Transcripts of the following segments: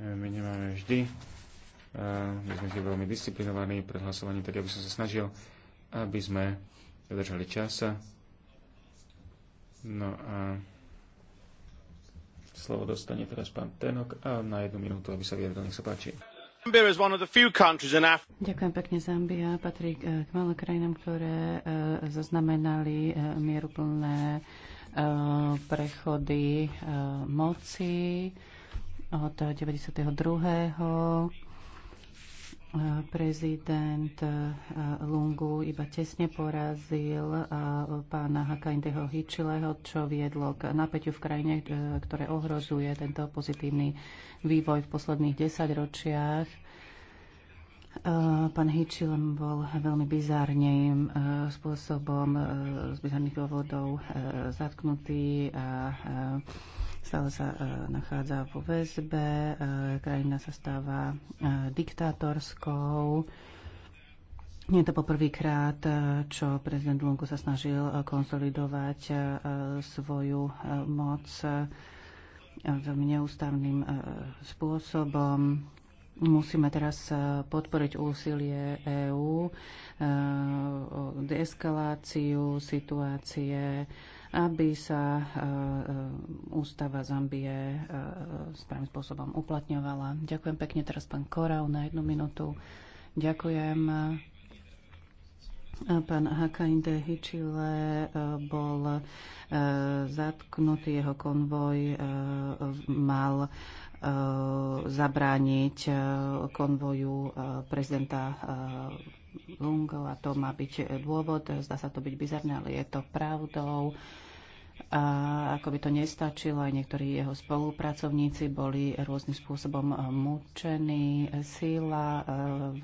My nemáme vždy. Eh, my sme veľmi disciplinovaní pred hlasovaním, tak ja by som sa snažil, aby sme dodržali čas. No a slovo dostane teraz pán Tenok a na jednu minútu, aby sa vyjadril. Nech sa páči. Ďakujem pekne. Zambia patrí k eh, malým krajinám, ktoré eh, zaznamenali mieruplné prechody moci od 92. Prezident eh, Lungu iba tesne porazil eh, pána Hakaindeho Hičileho, čo viedlo k napätiu v krajine, eh, ktoré ohrozuje tento pozitívny vývoj v posledných desaťročiach. Pán Hičilem bol veľmi bizárnym spôsobom z bizárnych dôvodov zatknutý a stále sa e, nachádza vo väzbe, e, krajina sa stáva e, diktátorskou. Nie je to poprvýkrát, čo prezident Lungu sa snažil konsolidovať svoju moc veľmi neústavným spôsobom. Musíme teraz podporiť úsilie EÚ o deeskaláciu situácie, aby sa eh, ústava Zambie eh, správnym spôsobom uplatňovala. Ďakujem pekne teraz pán Korau na jednu minútu. Ďakujem. Pán Hakainde Hichile eh, bol zatknutý, jeho konvoj mal zabrániť konvoju prezidenta Lungel a to má byť dôvod. Zdá sa to byť bizarné, ale je to pravdou. A ako by to nestačilo, aj niektorí jeho spolupracovníci boli rôznym spôsobom mučení. Síla eh,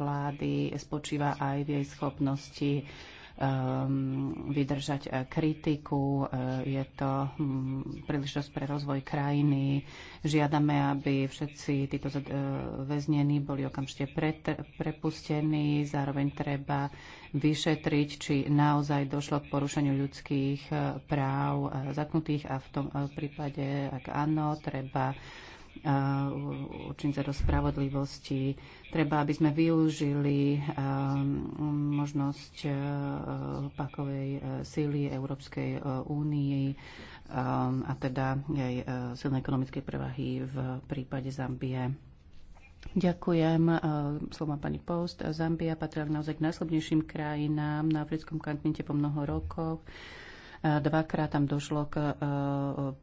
vlády spočíva aj v jej schopnosti Um, vydržať eh, kritiku. Eh, je to hm, príležitosť pre rozvoj krajiny. Žiadame, aby všetci títo eh, väznení boli okamžite prepustení. Zároveň treba vyšetriť, či naozaj došlo k porušeniu ľudských práv zaknutých a v tom prípade, ak áno, treba určenca do spravodlivosti. Treba, aby sme využili možnosť pakovej síly Európskej únii a teda aj silnej ekonomickej prevahy v prípade Zambie. Ďakujem. Slova pani Post. Zambia patrila naozaj k najslobnejším krajinám na africkom kontinente po mnoho rokov. Dvakrát tam došlo k e,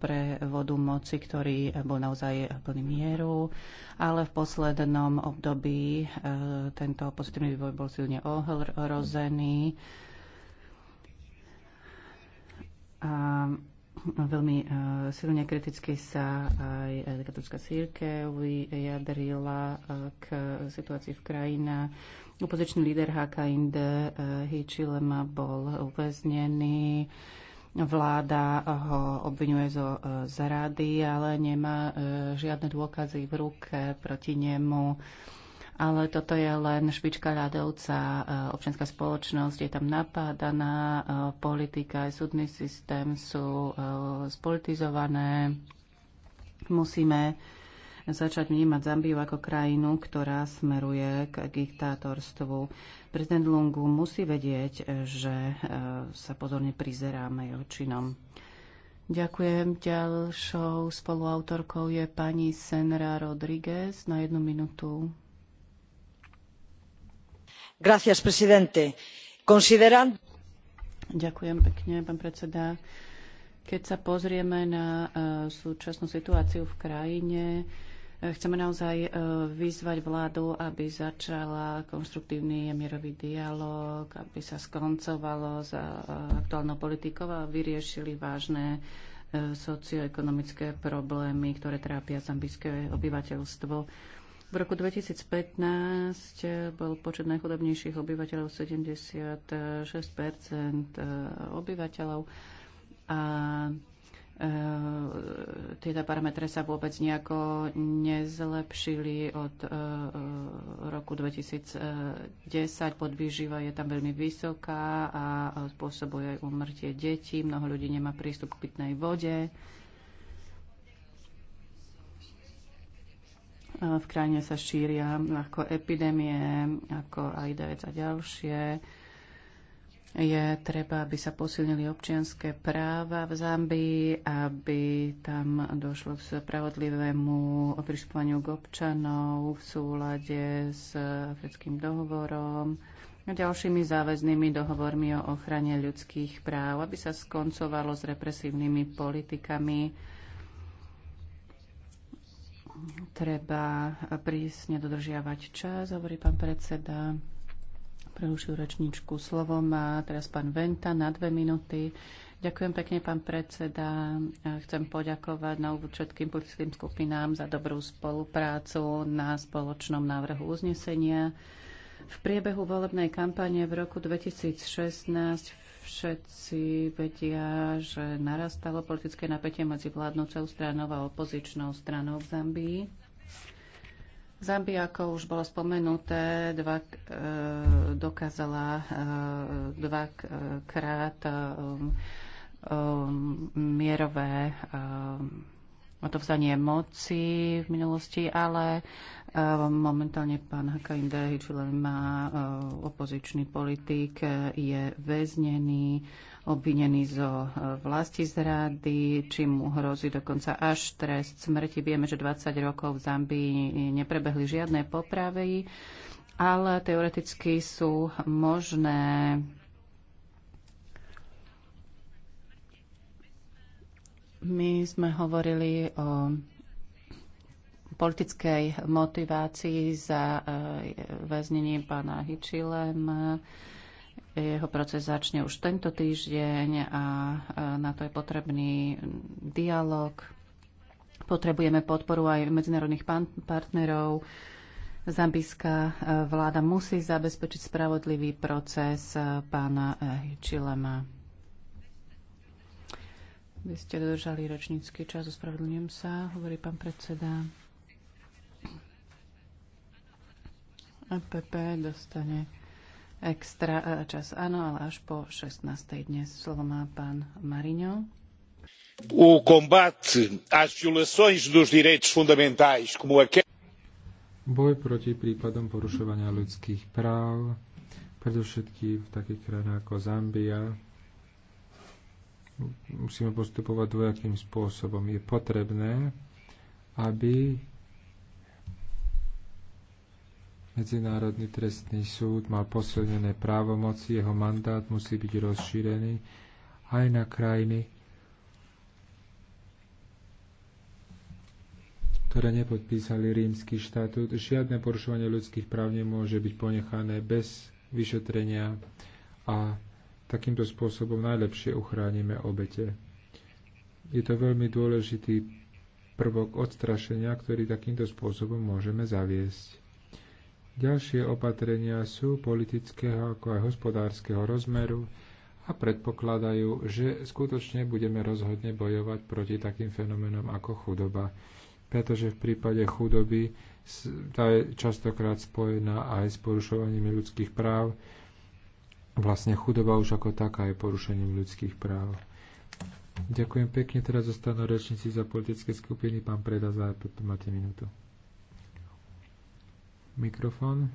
prevodu moci, ktorý bol naozaj plný mieru, ale v poslednom období e, tento pozitívny vývoj bol silne ohrozený. A veľmi e, silne kriticky sa aj katolická církev vyjadrila k situácii v krajine. Opozičný líder HKND uh, Hichilema bol uväznený. Vláda ho obvinuje zo e, zrady, ale nemá e, žiadne dôkazy v ruke proti nemu. Ale toto je len špička ľadovca. E, občianská spoločnosť je tam napádaná, politika aj súdny systém sú spolitizované. Musíme začať vnímať Zambiu ako krajinu, ktorá smeruje k diktátorstvu. Prezident Lungu musí vedieť, že e, sa pozorne prizeráme jeho činom. Ďakujem. Ďalšou spoluautorkou je pani Senra Rodriguez na jednu minútu. Gracias, presidente. Consideran... Ďakujem pekne, pán predseda. Keď sa pozrieme na e, súčasnú situáciu v krajine, Chceme naozaj e, vyzvať vládu, aby začala konštruktívny mierový dialog, aby sa skoncovalo s e, aktuálnou politikou a vyriešili vážne e, socioekonomické problémy, ktoré trápia zambijské obyvateľstvo. V roku 2015 bol počet najchudobnejších obyvateľov 76 obyvateľov a E, tieto parametre sa vôbec nejako nezlepšili od e, e, roku 2010. Podvýživa je tam veľmi vysoká a spôsobuje aj umrtie detí. Mnoho ľudí nemá prístup k pitnej vode. V krajine sa šíria ako epidémie, ako AIDS a ďalšie je treba, aby sa posilnili občianské práva v Zambii, aby tam došlo k spravodlivému prispovaniu k občanov v súlade s africkým dohovorom a ďalšími záväznými dohovormi o ochrane ľudských práv, aby sa skoncovalo s represívnymi politikami. Treba prísne dodržiavať čas, hovorí pán predseda prerušil rečničku. Slovo má teraz pán Venta na dve minúty. Ďakujem pekne, pán predseda. Chcem poďakovať na úvod všetkým politickým skupinám za dobrú spoluprácu na spoločnom návrhu uznesenia. V priebehu volebnej kampane v roku 2016 všetci vedia, že narastalo politické napätie medzi vládnoucou stranou a opozičnou stranou v Zambii. Zambia, ako už bolo spomenuté, dva, e, dokázala e, dvakrát e, e mierové e, odovzdanie moci v minulosti, ale e, momentálne pán Hakaim len má e, opozičný politik, e, je väznený, obvinený zo vlasti zrady, či mu hrozí dokonca až trest smrti. Vieme, že 20 rokov v Zambii neprebehli žiadne popravy, ale teoreticky sú možné My sme hovorili o politickej motivácii za eh, väznenie pána Hičilem. Jeho proces začne už tento týždeň a eh, na to je potrebný dialog. Potrebujeme podporu aj medzinárodných partnerov. Zambijská eh, vláda musí zabezpečiť spravodlivý proces pána Hičilema. Vy ste dodržali rečnícky čas, ospravedlňujem sa, hovorí pán predseda. APP e dostane extra e, čas, áno, ale až po 16. dnes. Slovo má pán Mariňo. O combate às violações dos direitos fundamentais, como a... Boj proti prípadom porušovania ľudských práv, predovšetkým v takých krajinách ako Zambia, musíme postupovať dvojakým spôsobom. Je potrebné, aby Medzinárodný trestný súd mal posilnené právomoci, jeho mandát musí byť rozšírený aj na krajiny, ktoré nepodpísali rímsky štatút. Žiadne porušovanie ľudských práv nemôže byť ponechané bez vyšetrenia a Takýmto spôsobom najlepšie uchránime obete. Je to veľmi dôležitý prvok odstrašenia, ktorý takýmto spôsobom môžeme zaviesť. Ďalšie opatrenia sú politického ako aj hospodárskeho rozmeru a predpokladajú, že skutočne budeme rozhodne bojovať proti takým fenomenom ako chudoba. Pretože v prípade chudoby tá je častokrát spojená aj s porušovaním ľudských práv vlastne chudoba už ako taká je porušením ľudských práv. Ďakujem pekne, teraz zostanú rečníci za politické skupiny. Pán Preda za EPP, máte minútu. Mikrofón.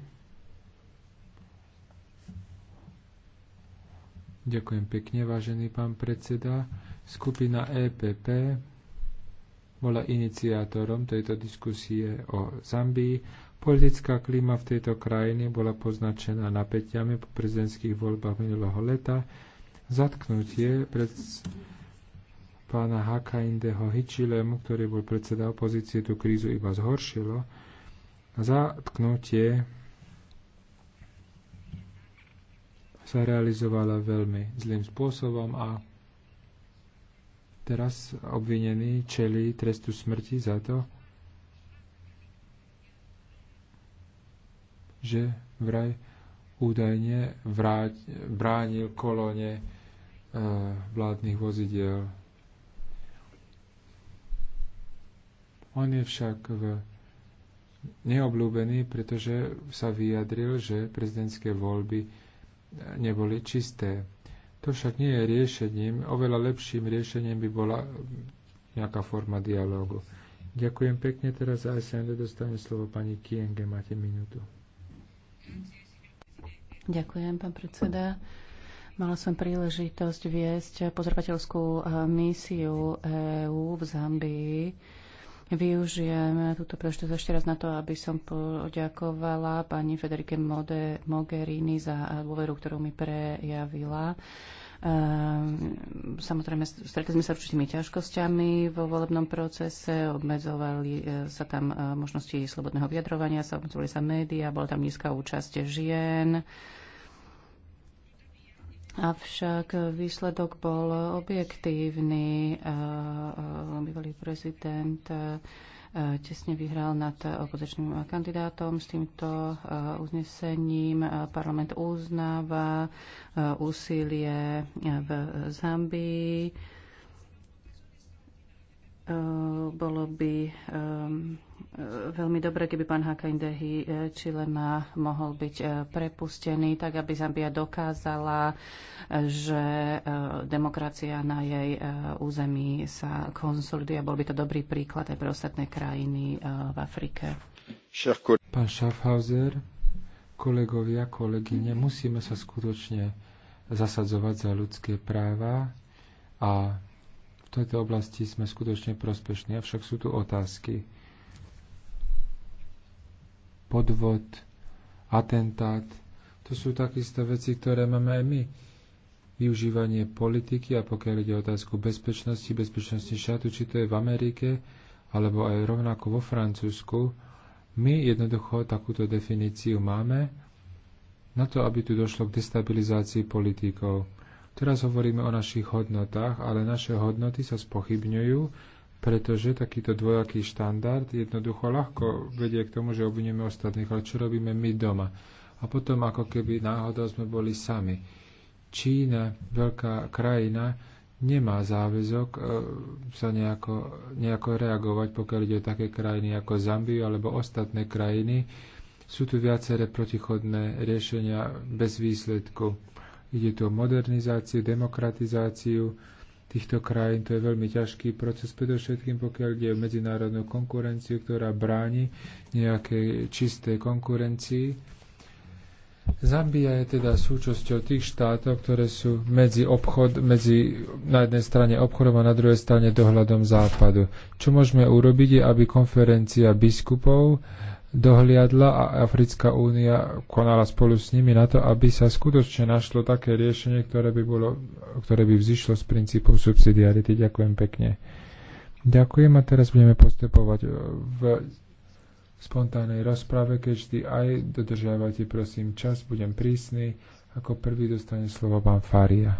Ďakujem pekne, vážený pán predseda. Skupina EPP bola iniciátorom tejto diskusie o Zambii Politická klíma v tejto krajine bola poznačená napätiami po prezidentských voľbách minulého leta. Zatknutie pred pána Hakaindeho Hichilemu, ktorý bol predseda opozície, tú krízu iba zhoršilo. Zatknutie sa realizovala veľmi zlým spôsobom a teraz obvinený čeli trestu smrti za to, že vraj údajne vráť, bránil kolone e, vládnych vozidiel. On je však v neobľúbený, pretože sa vyjadril, že prezidentské voľby neboli čisté. To však nie je riešením. Oveľa lepším riešením by bola nejaká forma dialogu. Ďakujem pekne. Teraz za SND dostane slovo pani Kienge. Máte minútu. Ďakujem, pán predseda. Mala som príležitosť viesť pozorovateľskú eh, misiu EÚ v Zambii. Využijem túto príležitosť ešte raz na to, aby som poďakovala pani Federike Mogherini za eh, dôveru, ktorú mi prejavila Ehm, samozrejme, stretli sme sa určitými ťažkosťami vo volebnom procese, obmedzovali e, sa tam e, možnosti slobodného vyjadrovania, sa obmedzovali sa médiá, bola tam nízka účasť žien. Avšak výsledok bol objektívny. E, bývalý prezident E, tesne vyhral nad opozičným kandidátom. S týmto e, uznesením e, parlament uznáva úsilie v Zambii Eh, bolo by eh, veľmi dobre, keby pán Hakandehy eh, Čilema mohol byť prepustený, tak aby Zambia dokázala, že demokracia na jej území sa konsoliduje. Bol by to dobrý príklad aj pre ostatné krajiny v Afrike. Pán Schaffhauser, kolegovia, kolegyne, musíme sa skutočne zasadzovať za ľudské práva a tejto oblasti sme skutočne prospešní, avšak sú tu otázky. Podvod, atentát, to sú takisto veci, ktoré máme aj my. Využívanie politiky a pokiaľ ide o otázku bezpečnosti, bezpečnosti štátu, či to je v Amerike, alebo aj rovnako vo Francúzsku, my jednoducho takúto definíciu máme na to, aby tu došlo k destabilizácii politikov. Teraz hovoríme o našich hodnotách, ale naše hodnoty sa spochybňujú, pretože takýto dvojaký štandard jednoducho ľahko vedie k tomu, že obvinieme ostatných, ale čo robíme my doma. A potom ako keby náhodou sme boli sami. Čína, veľká krajina, nemá záväzok e, sa nejako, nejako reagovať, pokiaľ ide o také krajiny ako Zambiu alebo ostatné krajiny. Sú tu viaceré protichodné riešenia bez výsledku. Ide tu o modernizáciu, demokratizáciu týchto krajín. To je veľmi ťažký proces, predovšetkým pokiaľ ide o medzinárodnú konkurenciu, ktorá bráni nejakej čistej konkurencii. Zambia je teda súčasťou tých štátov, ktoré sú medzi obchod, medzi na jednej strane obchodom a na druhej strane dohľadom západu. Čo môžeme urobiť je, aby konferencia biskupov dohliadla a Africká únia konala spolu s nimi na to, aby sa skutočne našlo také riešenie, ktoré by, bolo, ktoré by vzýšlo z princípu subsidiarity. Ďakujem pekne. Ďakujem a teraz budeme postupovať e, v spontánnej rozprave, keď aj dodržiavate prosím čas, budem prísny. Ako prvý dostane slovo pán Faria.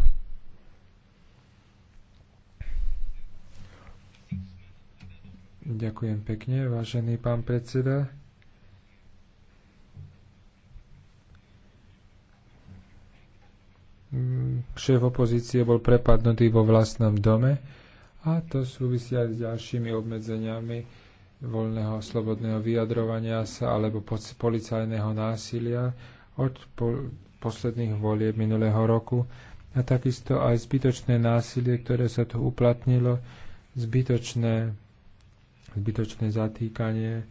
Ďakujem pekne, vážený pán predseda. Mm, šéf opozície bol prepadnutý vo vlastnom dome a to súvisia s ďalšími obmedzeniami voľného slobodného vyjadrovania sa alebo policajného násilia od po- posledných volieb minulého roku a takisto aj zbytočné násilie, ktoré sa tu uplatnilo, zbytočné, zbytočné zatýkanie,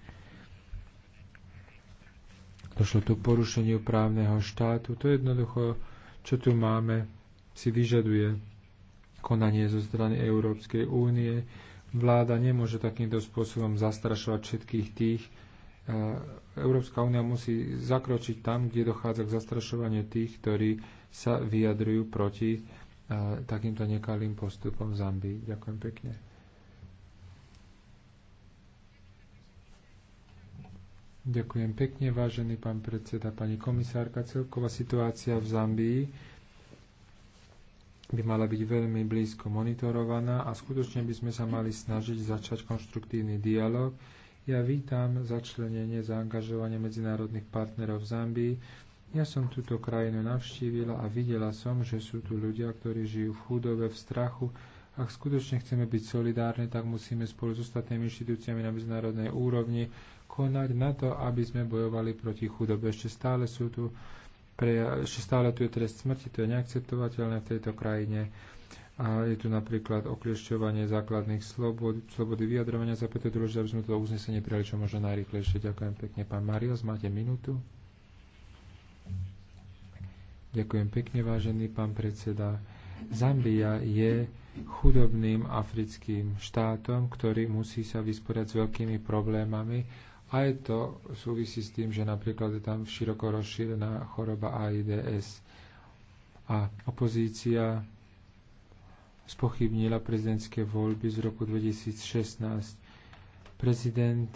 došlo tu porušeniu právneho štátu. To jednoducho čo tu máme, si vyžaduje konanie zo strany Európskej únie. Vláda nemôže takýmto spôsobom zastrašovať všetkých tých. E, Európska únia musí zakročiť tam, kde dochádza k zastrašovaniu tých, ktorí sa vyjadrujú proti e, takýmto nekalým postupom v Zambii. Ďakujem pekne. Ďakujem pekne, vážený pán predseda, pani komisárka. Celková situácia v Zambii by mala byť veľmi blízko monitorovaná a skutočne by sme sa mali snažiť začať konštruktívny dialog. Ja vítam začlenenie, zaangažovanie medzinárodných partnerov v Zambii. Ja som túto krajinu navštívila a videla som, že sú tu ľudia, ktorí žijú v chudobe, v strachu. Ak skutočne chceme byť solidárni, tak musíme spolu s ostatnými inštitúciami na medzinárodnej úrovni konať na to, aby sme bojovali proti chudobe. Ešte stále sú tu pre, ešte stále tu je trest smrti, to je neakceptovateľné v tejto krajine. A je tu napríklad okliešťovanie základných slobod, slobody vyjadrovania, za preto je dôležité, aby sme to uznesenie prijali čo možno najrychlejšie. Ďakujem pekne, pán Marias, máte minútu. Ďakujem pekne, vážený pán predseda. Zambia je chudobným africkým štátom, ktorý musí sa vysporiadať s veľkými problémami aj to súvisí s tým, že napríklad je tam široko rozšírená choroba AIDS. A opozícia spochybnila prezidentské voľby z roku 2016. Prezident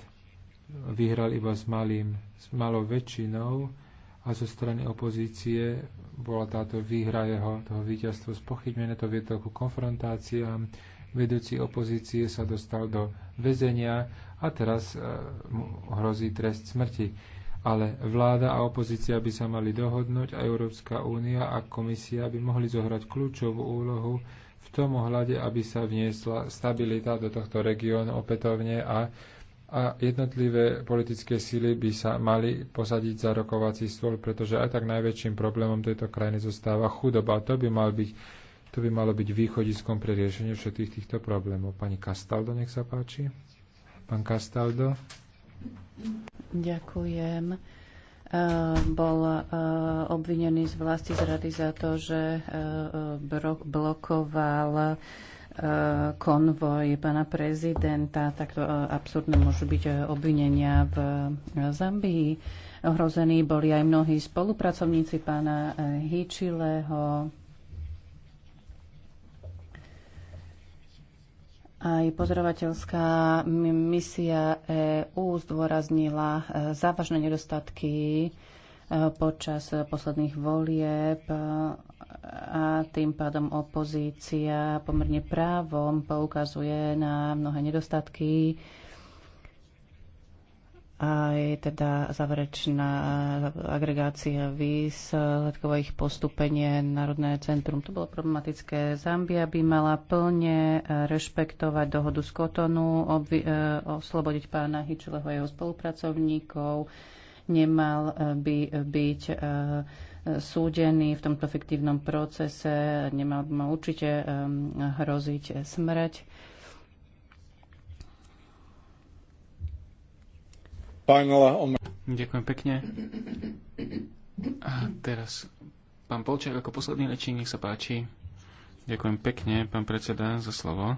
vyhral iba s, malým, s malou väčšinou a zo strany opozície bola táto výhra jeho, toho víťazstvo spochybnené, to viedlo ku konfrontáciám, vedúci opozície sa dostal do väzenia a teraz e, mu hrozí trest smrti. Ale vláda a opozícia by sa mali dohodnúť a Európska únia a komisia by mohli zohrať kľúčovú úlohu v tom ohľade, aby sa vniesla stabilita do tohto regiónu opätovne a a jednotlivé politické síly by sa mali posadiť za rokovací stôl, pretože aj tak najväčším problémom tejto krajiny zostáva chudoba. To by mal byť to by malo byť východiskom pre riešenie všetkých týchto problémov. Pani Castaldo, nech sa páči. Pán Castaldo. Ďakujem e, bol e, obvinený z vlasti zrady za to, že e, blokoval konvoj pána prezidenta. Takto absurdné môžu byť obvinenia v Zambii. Ohrození boli aj mnohí spolupracovníci pána Hičileho, Aj pozorovateľská misia EÚ zdôraznila e, závažné nedostatky e, počas e, posledných volieb a tým pádom opozícia pomerne právom poukazuje na mnohé nedostatky aj teda záverečná agregácia ich postupenie Národné centrum. To bolo problematické. Zambia by mala plne rešpektovať dohodu z Kotonu, obvi- e, oslobodiť pána Hičileho a jeho spolupracovníkov. Nemal e, by byť e, súdený v tomto fiktívnom procese, nemal by ma určite hroziť smrť Ďakujem pekne. A teraz pán Polčák ako posledný rečník, nech sa páči. Ďakujem pekne, pán predseda, za slovo.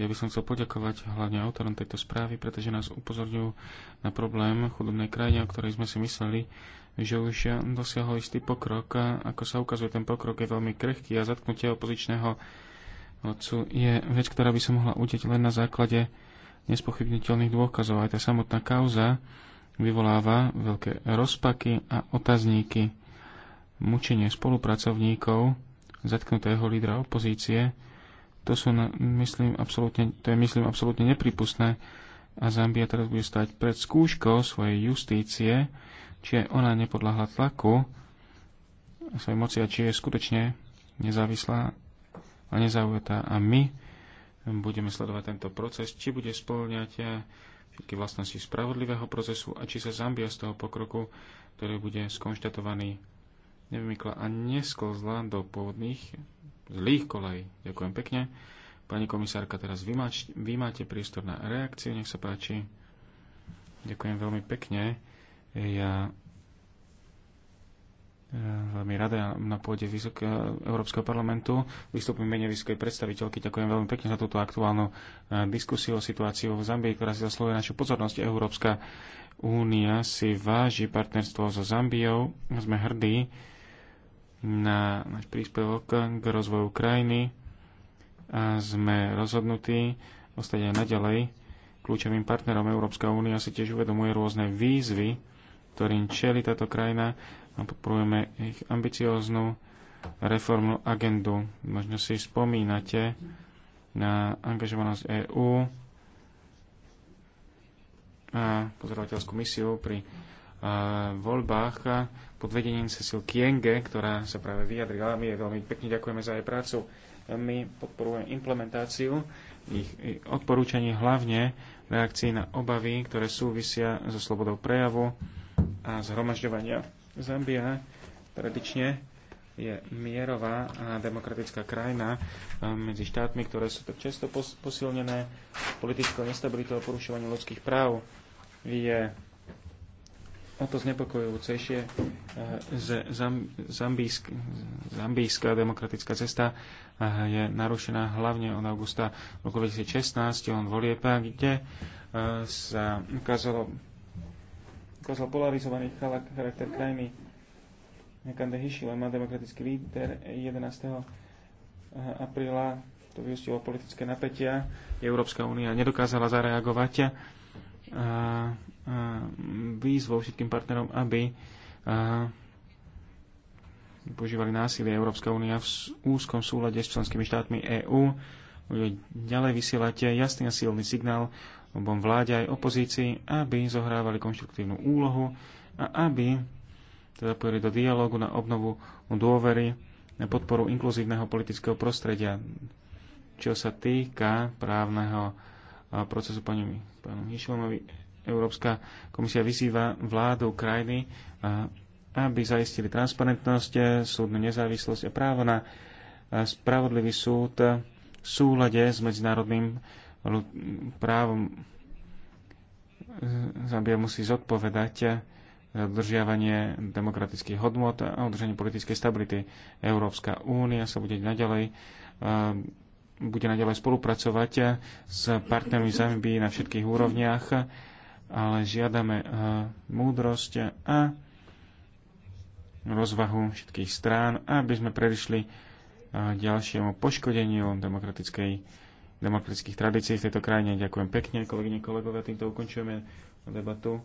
Ja by som chcel poďakovať hlavne autorom tejto správy, pretože nás upozorňujú na problém chudobnej krajine, o ktorej sme si mysleli, že už dosiahol istý pokrok. A ako sa ukazuje, ten pokrok je veľmi krehký a zatknutie opozičného odcu je vec, ktorá by sa mohla udeť len na základe nespochybniteľných dôkazov. Aj tá samotná kauza vyvoláva veľké rozpaky a otazníky. Mučenie spolupracovníkov zatknutého lídra opozície, to, sú, myslím, absolútne, to je, myslím, absolútne nepripustné. A Zambia teraz bude stať pred skúškou svojej justície, či aj ona nepodľahla tlaku svojej moci a či je skutočne nezávislá a nezaujatá. A my budeme sledovať tento proces, či bude spĺňať eh, všetky vlastnosti spravodlivého procesu a či sa Zambia z toho pokroku, ktorý bude skonštatovaný, nevymykla a nesklzla do pôvodných zlých kolej. Ďakujem pekne. Pani komisárka, teraz vy, máč, vy máte priestor na reakciu, nech sa páči. Ďakujem veľmi pekne. Ja veľmi rada na pôde Vysoké, Európskeho parlamentu. Vystupujem menej vysokej predstaviteľky. Ďakujem veľmi pekne za túto aktuálnu e, diskusiu o situáciu v Zambii, ktorá si zaslúhuje našu pozornosť. Európska únia si váži partnerstvo so Zambiou. Sme hrdí na náš príspevok k rozvoju krajiny a sme rozhodnutí ostať aj naďalej kľúčovým partnerom. Európska únia si tiež uvedomuje rôzne výzvy, ktorým čeli táto krajina a podporujeme ich ambicióznu reformnú agendu. Možno si spomínate na angažovanosť EÚ a pozorovateľskú misiu pri voľbách pod vedením Cecil Kienge, ktorá sa práve vyjadrila. My je veľmi pekne ďakujeme za jej prácu. My podporujeme implementáciu ich, ich odporúčaní hlavne reakcii na obavy, ktoré súvisia so slobodou prejavu a zhromažďovania Zambia tradične je mierová a demokratická krajina medzi štátmi, ktoré sú tak často posilnené politickou nestabilitou a porušovaním ľudských práv. Je o to znepokojujúcejšie, že Zambísk, zambijská demokratická cesta e, je narušená hlavne od augusta roku 2016, on volie kde e, sa ukázalo ukázal polarizovaný charakter krajiny. Nekande Hišila má demokratický líder 11. Eh, apríla to vyústilo politické napätia. Európska únia nedokázala zareagovať a, eh, a eh, výzvou všetkým partnerom, aby a, používali násilie Európska únia v úzkom súlade s členskými štátmi EÚ. Ďalej vysielate jasný a silný signál obom vláde aj opozícii, aby zohrávali konštruktívnu úlohu a aby teda pojeli do dialógu na obnovu dôvery na podporu inkluzívneho politického prostredia. Čo sa týka právneho procesu pani, pánu Hišlomovi, Európska komisia vyzýva vládu krajiny, aby zaistili transparentnosť, súdnu nezávislosť a právo na spravodlivý súd v súlade s medzinárodným právom e, Zambia musí zodpovedať e, dodržiavanie demokratických hodnot a udržanie politickej stability. Európska únia sa bude naďalej e, bude naďalej spolupracovať s partnermi Zambii na všetkých úrovniach, ale žiadame múdrosť a rozvahu všetkých strán, aby sme predišli ďalšiemu poškodeniu demokratickej demokratických tradícií v tejto krajine. Ďakujem pekne, kolegyne, kolegovia, týmto ukončujeme debatu.